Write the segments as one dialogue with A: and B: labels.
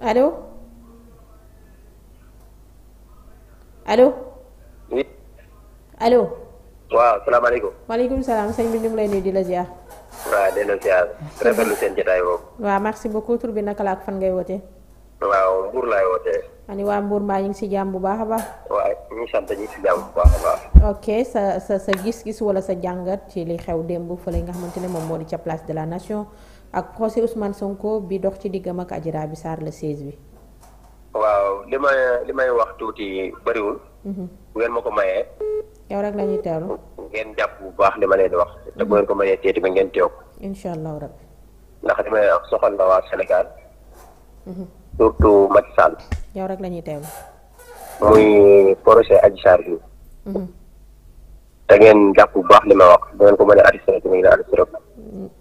A: allo allo. oui. allo.
B: waaw salaamaaleykum.
A: maaleykum salaam sëñ bi ñu ngi lay nuyu di la ziar.
B: waaw delloo ziar. rafetlu seen jotaay boobu.
A: waaw merci beaucoup tur bi naka la ak fan ngay wootee.
B: waaw Mbour laay wootee.
A: ani waa Mbour mbaa ñu ngi si jàmm bu baax a baax.
B: ñu ngi sant ñu si jàmm bu baax a baax.
A: ok sa sa sa gis-gis wala sa jàngat ci li xew démb fële nga xamante ne moom moo di ca place de la nation ak procès Ousmane Sonko bi dox ci diggam ak Adji Raby Sarr le 16 bi.
B: waaw li may li may wax tuuti bëriwul. Mhm. bu ngeen ma ko mayee.
A: yow rek la ñuy teewlu.
B: ngeen jàpp bu baax li ma leen wax. Mhm. te bu ngeen ko mayee teeti ba ngeen teew.
A: incha allah rabbi.
B: ndax li may wax soxal na waa Sénégal. Mhm. surtout Macky Sall. yow rek la ñuy muy projet Adji Sarr bi mhm. da ngeen jàpp bu baax la ma wax da ko mën a arrêté mu ngi naan trop.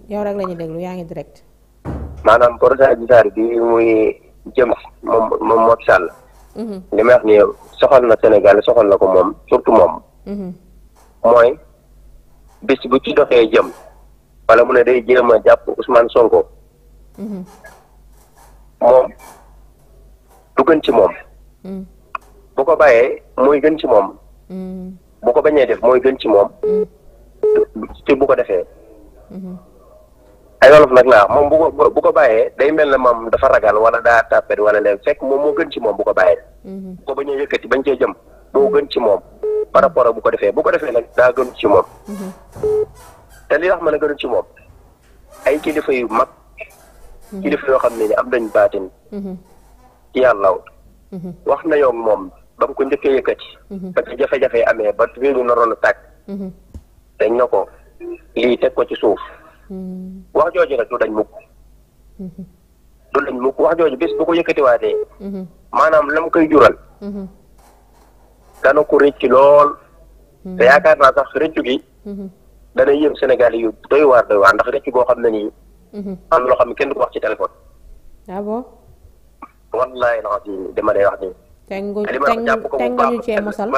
A: yow rek la ñuy yaa ngi direct.
B: maanaam projet Adji Sarr bi muy jëm moom moom Macky Sall. Mhm. soxal na Sénégal soxal na ko moom surtout moom. Mhm. mooy bis bu ci doxee jëm wala mu ne day jéem a jàpp Ousmane Sonko. moom du ci moom. ko bàyyee mooy gën ci moom. Mm. bu ko bañee def mooy gën ci moom. Mm. te bu ko defee. Mm-hmm. ay wolof nag laa moom bu ko bu ko bàyyee day mel na moom dafa ragal wala daa tàppet wala leen fekk moom moo gën ci moom bu ko bàyyee. Mm-hmm. bu ko bañee yëkkati bañ jëm gën ci moom par rapport ak bu ko defee bu ko defee nag daa gën ci moom. Mm-hmm. te li wax ma ne gënu ci moom ay kilifa yu mag. kilifa yoo xam ne ni am nañ baatin. ci wax na yow moom ba mu ko njëkkee yëkkati. Mhm. ba ci jafe-jafe amee ba réew mi naroon a mhm. dañ na ko lii teg ko ci suuf. Mhm. wax jooju rek du dañ mukk. du dañ mukk wax jooju bés bu ko yëkkatiwaatee. maanaam lam koy jural. dana ko rëcc lool. te yaakaar naa sax rëccu gi. dana yëm Sénégal yu doy waar doy waar ndax rëcc boo xam ne nii. am loo xam kenn du wax ci téléphone. d' ah accord. wallaahi dama lay wax nii.
A: te nga ñu cee musal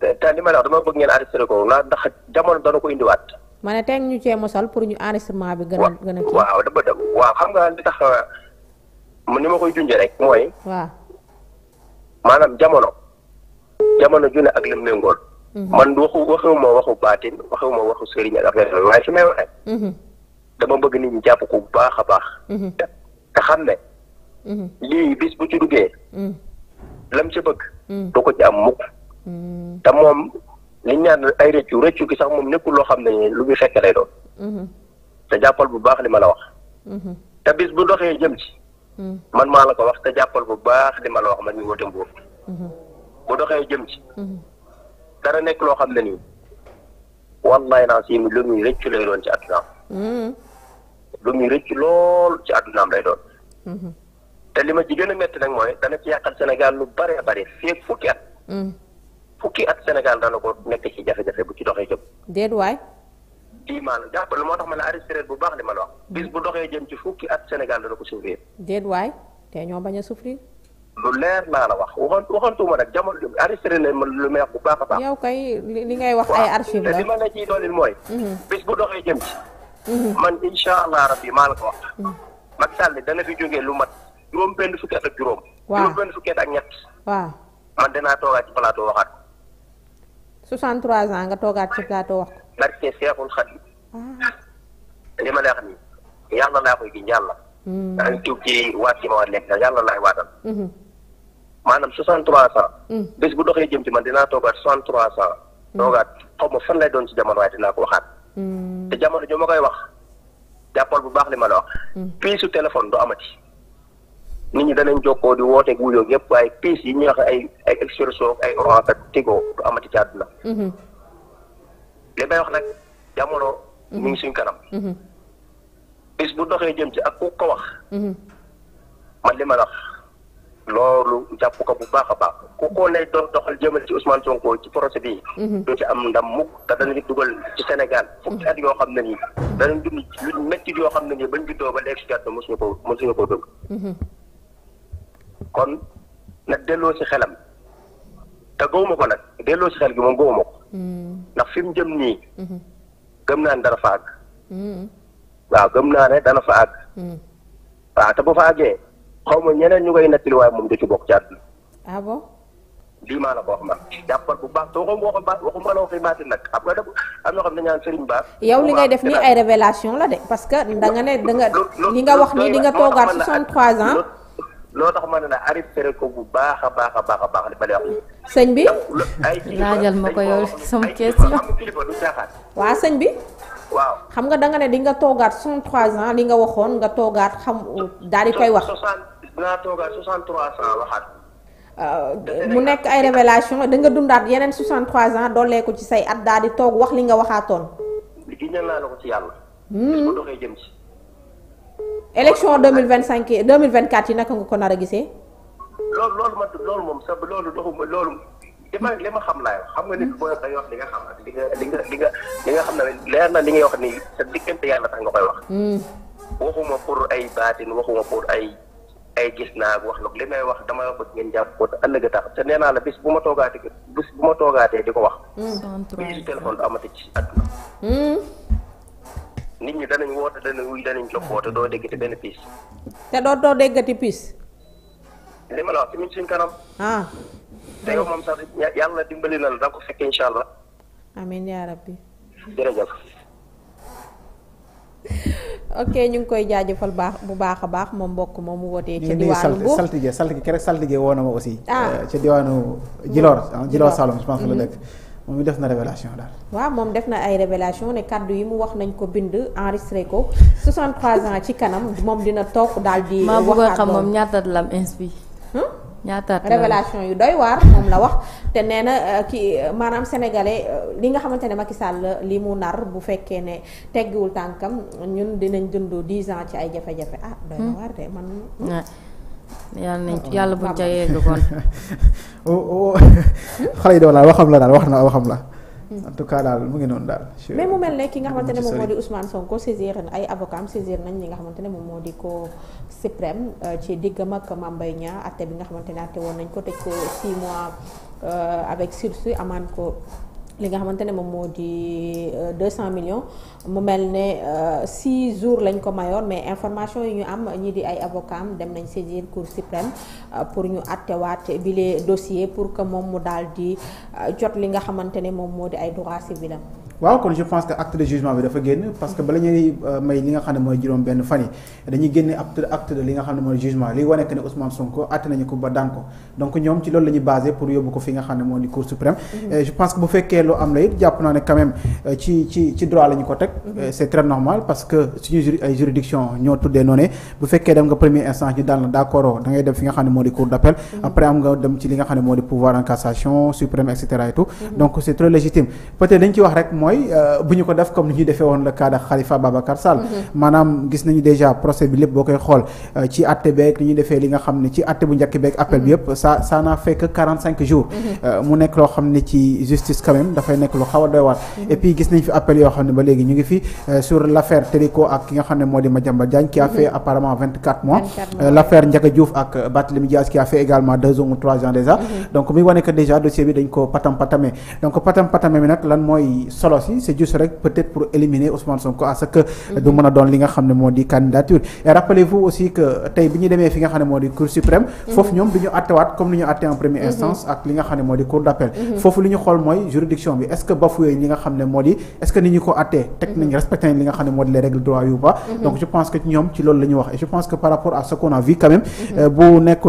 B: te li ma la wax dama bëgg ngeen enregistré ko ndax jamono dana ko indiwaat.
A: ma ne teg ñu cee musal pour ñu enregistrement bi. gën a gën a
B: kii waaw dama dama waaw xam nga li tax ni ma koy junjee rek mooy. waaw maanaam jamono. jamono ju ne ak lim méngool. Mhm. man waxu waxuma waxu baatin waxuma
C: mhm.
B: bëgg nit ñi jàpp ko bu baax a baax.
C: Mhm. te
B: xam ne. lii bis bu ci lam ca bëgg mm. doo ko ci am mukk mm. te moom liñ naan ay rëccu rëccu gi sax moom nekkul loo xam ne lu muy fekke lay doon mm-hmm. te jàppal bu baax li ma la wax mm-hmm. te bis bu doxee jëm ci mm. man maa la ko wax te jàppal bu baax li ma la wax man ñu woote mbuur mm-hmm. bu doxee jëm ci dara nekk loo xam ne nii wallaay naa si lu muy rëccu lay doon ci addunaam lu muy rëccu lool ci addunaam lay doon te li ma ci gën a métti nag mooy dana ci yàqal Sénégal lu bare bare fii fukki at. Mm. fukki at Sénégal dana ko nekk ci jafe-jafe bu ci doxee jëm. déet waay. kii maanaam la moo tax ma ne arrêté bu baax li la wax. Mm. bis bu doxee jëm ci fukki at Sénégal dana ko souffrir.
A: déet waay te ñoo bañ a
B: lu la wax waxoon waxoontuma nag jamono arrêté na lu may wax bu baax a baax. yow
A: kay li ngay wax ay archive la li ma la ciy
B: dooleel mooy. Mm-hmm. bis bu doxee jëm ci. Mm-hmm. man incha allah rabbi maa la ko wax. Mm-hmm. Macky Sall dana fi jógee lu mat. juróom benn fukki ak juróom. waaw man danaa toogaat ci plateau
A: wax ko.
B: barke Seexul Xadiim. Ah. li ma lay wax nii yàlla laa koy gis yàlla. daa hmm. ngi tuub ci waat ci ma war lekk yàlla laay waatal. Hmm. maanaam 63 ans. Hmm. bés bu doxee jëm ci man dinaa toogaat 63 ans. toogaat xaw ma fan lay doon ci jamono waaye dinaa ko waxaat. te jamono ju ma koy wax jàppal bu baax li ma la wax. piisu téléphone du amati. nit ñi danañ jokkoo di wooteeg wuyoog yëpp waaye piis yi ñuy wax ay ay excursion ay orange ak tigo du amati ci àdduna. Mm-hmm. li may wax nag jamono. mu mm-hmm. ngi suñ kanam.
C: bis mm-hmm.
B: bu doxee jëm ci ak ku ko wax.
C: man
B: li ma wax loolu jàpp ko bu baax a baax ku ko ne doon doxal jëmal ci Ousmane Sonko ci procès bii. du ci am ndam mukk te danañu dugal ci Sénégal fukki at yoo xam ne nii. danañ dund lu métti yoo xam ne nii bañ juddoo ba léegi si gàtt mosuñu ko mosuñu ko
C: dëgg.
B: kon nag delloo ci xelam te gëwuma ko nag delloo ci xel gi moom gëwuma ko ndax fi mu jëm nii gëm naa ne dana fa àgg waaw gëm naa ne dana fa àgg waaw te bu fa àggee xaw ma ñeneen ñu koy nettali waaye moom du ci bokk ci àdduna ah bon lii maa la ko wax man jàppal bu baax soo ko waxoon baax waxu ma la waxi maatin nag xam nga def am na xam ne ñaan sëriñ baax yow li ngay def nii ay
A: révélation la de parce que da nga ne da nga li
B: loo tax ma ne la arrêté ko bu baax a baax a baax a baax li ma lay wax. sëñ bi laajal
A: ma ko yow sama question. waaw sëñ bi. waaw xam nga danga ne di nga toogaat 63 ans li nga waxoon nga toogaat xam daal di koy wax. 60
B: dinaa toogaat 63 ans waxaat. Euh, mu nekk ay révélation
A: da nga dundaat yeneen 63 ans dooleeku ci say at daal di toog wax li nga waxaatoon.
B: liggéey ko ci yàlla. Hmm.
A: élection deux mille vingt cinq yi deux mille vingt quatre yi naka nga ko nar a gisee.
B: loolu loolu man loolu moom sax loolu loolu loolu li ma li ma xam laay wax xam nga nit boo da nga wax nga xam li nga li nga li nga xam ne leer na li ngay wax nii sa diggante yàlla tax nga koy wax. Hmm. waxuma pour ay baatin waxuma pour ay ay gis naa wax nag li may wax dama bëgg ngeen jàpp ko te ëllëg a tax te nee naa la bis bu ma toogaatee bis bu ma toogaatee di ko wax. Hmm. téléphone du amati ci àdduna. Hmm. nit ñi danañ woote danañ wuy danañ jox woote doo déggati benn piis. te
A: doo doo déggati piis.
B: li ma la wax tamit suñ kanam. ah. te dimbali la da nga ko fekk incha yaa rabbi. jërëjëf.
A: ok ñu ngi koy jaajëfal baax bu baax a baax moom mbokk moom mu wootee. ca diwaanu bu
D: saltige saltige keroog saltige woo ma aussi. ah eh, diwaanu ah, Djilor Djilor Saloum je pense moom def na révélation daal.
A: waaw moom def na ay révélation ne kaddu yi mu wax nañ ko bind en enregistré ko 63 ans ci kanam moom dina toog daal di. maa bëggoon xam moom ñaata la am inspi hmm? ñaata révélation yu doy waar la wax te nee na euh, ki maanaam sénégalais euh, li nga xamante ne Macky Sall li mu nar bu fekkee ne teggiwul tànkam ñun dinañ dund 10 ans ci ay jafe-jafe ah. doy hmm. waar de man. Hmm?
D: yàlla nañ ci oh. yàlla buñ ca yegg kon. Oh, oh. xale yi doon daal waxam la daal wax na waxam la. Hmm. en tout cas daal mu ngi noonu daal. mais mu mel ne ki nga xamante ne moom moo di
A: Ousmane Sonko saisir ay avocat li nga xamante ne moom moo di ko suprême euh, ci diggam ak Mame Mbaye Niang ate bi nga xamante ne atte woon nañ ko tëj ko 6 mois euh, avec sursis amaan ko. li nga xamante ne moom moo di 200 euh, millions mu mel ne 6 euh, jours lañ ko mayoon mais information yi ñu am ñi di ay avocat dem nañ saisir cour suprême euh, pour ñu attewaat bile dossier pour que moom mu daal di jot li nga xamante ne moom moo di ay droits
C: civils am
D: waaw kon je pense que acte de jugement bi dafa génn parce que bala ñuy euh, may li nga xam ne mooy juróom benn fan yi dañuy génne acte de li nga xam ne mooy jugement li wane que ne Ousmane Sonko àtte nañu ko ba daan ko donc ñoom ci loolu la ñuy basé pour yóbbu ko fi nga xam ne moo di cour suprême mhm. je euh, mhm. parce que suñu ay ñoo tuddee noonu bu fekkee dem nga première instance ñu daan la d' accord da ngay dem mhm. donc c' très légitime peut être dañ ci wax rek mooy euh, bu ñu ko def comme ni ñu defee woon le cas de Khalifa Babacar mm-hmm. maanaam gis nañu déjà procès bi lépp boo koy xool euh, ci atte beeg ni ñu defee li nga xam ne ci atte bu njëkk beeg appel bi mm-hmm. yëpp ça ça n'a fait que mm-hmm. euh, ne a doy ngi fi sur l'affaire Téliko ak ki moo di Madiambal Diagne qui a fait apparemment vingt quatre mois l'affaire Ndiaga Diouf ak Barthélémy Dias qui a fait également deux ans trois ans déjà donc muy wane que déjà dossier bi dañ ko patam patamee donc patam patamee mi nag lan mooy solo Coros peut-être pour éliminer Ousmane Sonko à ce que du mën a doon li nga xam ne moo di candidature et rappelez-vous aussi que tey bi ñu demee fi nga xam ne moo di cour suprême foofu ñoom du ñu attewaat comme ni ñu atte en première instance ak li nga xam ne moo di cour d'appel foofu li ñu xool mooy juridiction bi est-ce que bafoué li nga xam ne moo di est-ce que ni ñu ko attee teg nañ respecté nañ ñu euh,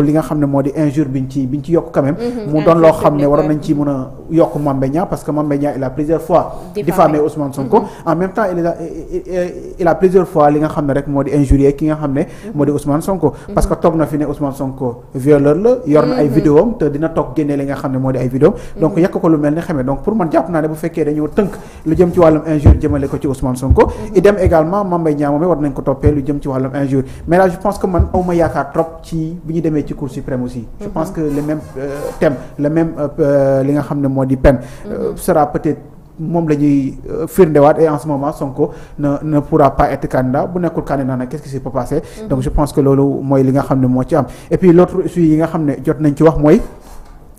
D: li nga xam ne moo di injure biñ ci biñ diffamé Ousmane Sonko mm-hmm. en même temps il li nga xam ne rek moo di injurier ki nga xam ne mm-hmm. moo di Ousmane Sonko mm-hmm. parce que toog na fi ne Ousmane Sonko violeur la yor nga xam ne moo di ay vidéo donc yàq ko lu mel ni xamee donc pour man jàpp naa ne bu fekkee dañoo tënk lu jëm ci wàllum injure jëmale ko ci Ousmane Sonko idem également Mame Mbaye que man awma même euh, thème le même euh, euh, li nga xam ne moo di peine sera peut-être moom la ñuy euh, firndewaat et en ce moment Sonko ne ne pourra pas être candidat bu nekkul candidat nag qu'est-ce qui s'est passé mm-hmm. donc je pense que loolu mooy li nga xam ne moo ci am et puis l'autre sujet yi nga xam ne jot nañ ci wax mooy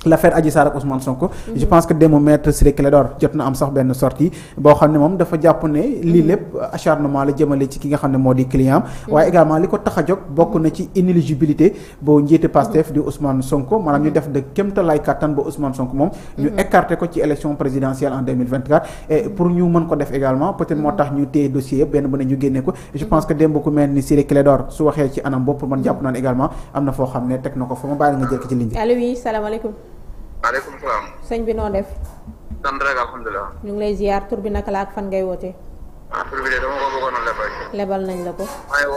D: l'affaire Adji Sarr ak Ousmane Sonko. Mhm. je pense que démb maître Ciré Clédor jot na am sax benn sortie boo xam ne moom dafa jàpp ne lii mhm. lépp acharnement la jëmale ci ki nga xam ne moo di client mhm. waaye également li ko tax a jóg bokk na ci inéligibilité bu njiite Pastef di Ousmane Sonko maanaam ñu def de kéemtalaay kattan ba Ousmane Sonko moom ñu écarté ko ci élection présidentielle en 2024 et pour ñu mën ko def également peut moo tax ñu téye dossier benn bu ne ñu génnee ko je pense xam ne teg na
A: ko
B: maaleykum salaam.
A: sëñ bi noo def.
B: sant rek alhamdulilah.
A: ñu ngi lay
C: ziar tur bi naka la ak fan ngay woote ah, a lebal nañ la
A: ko.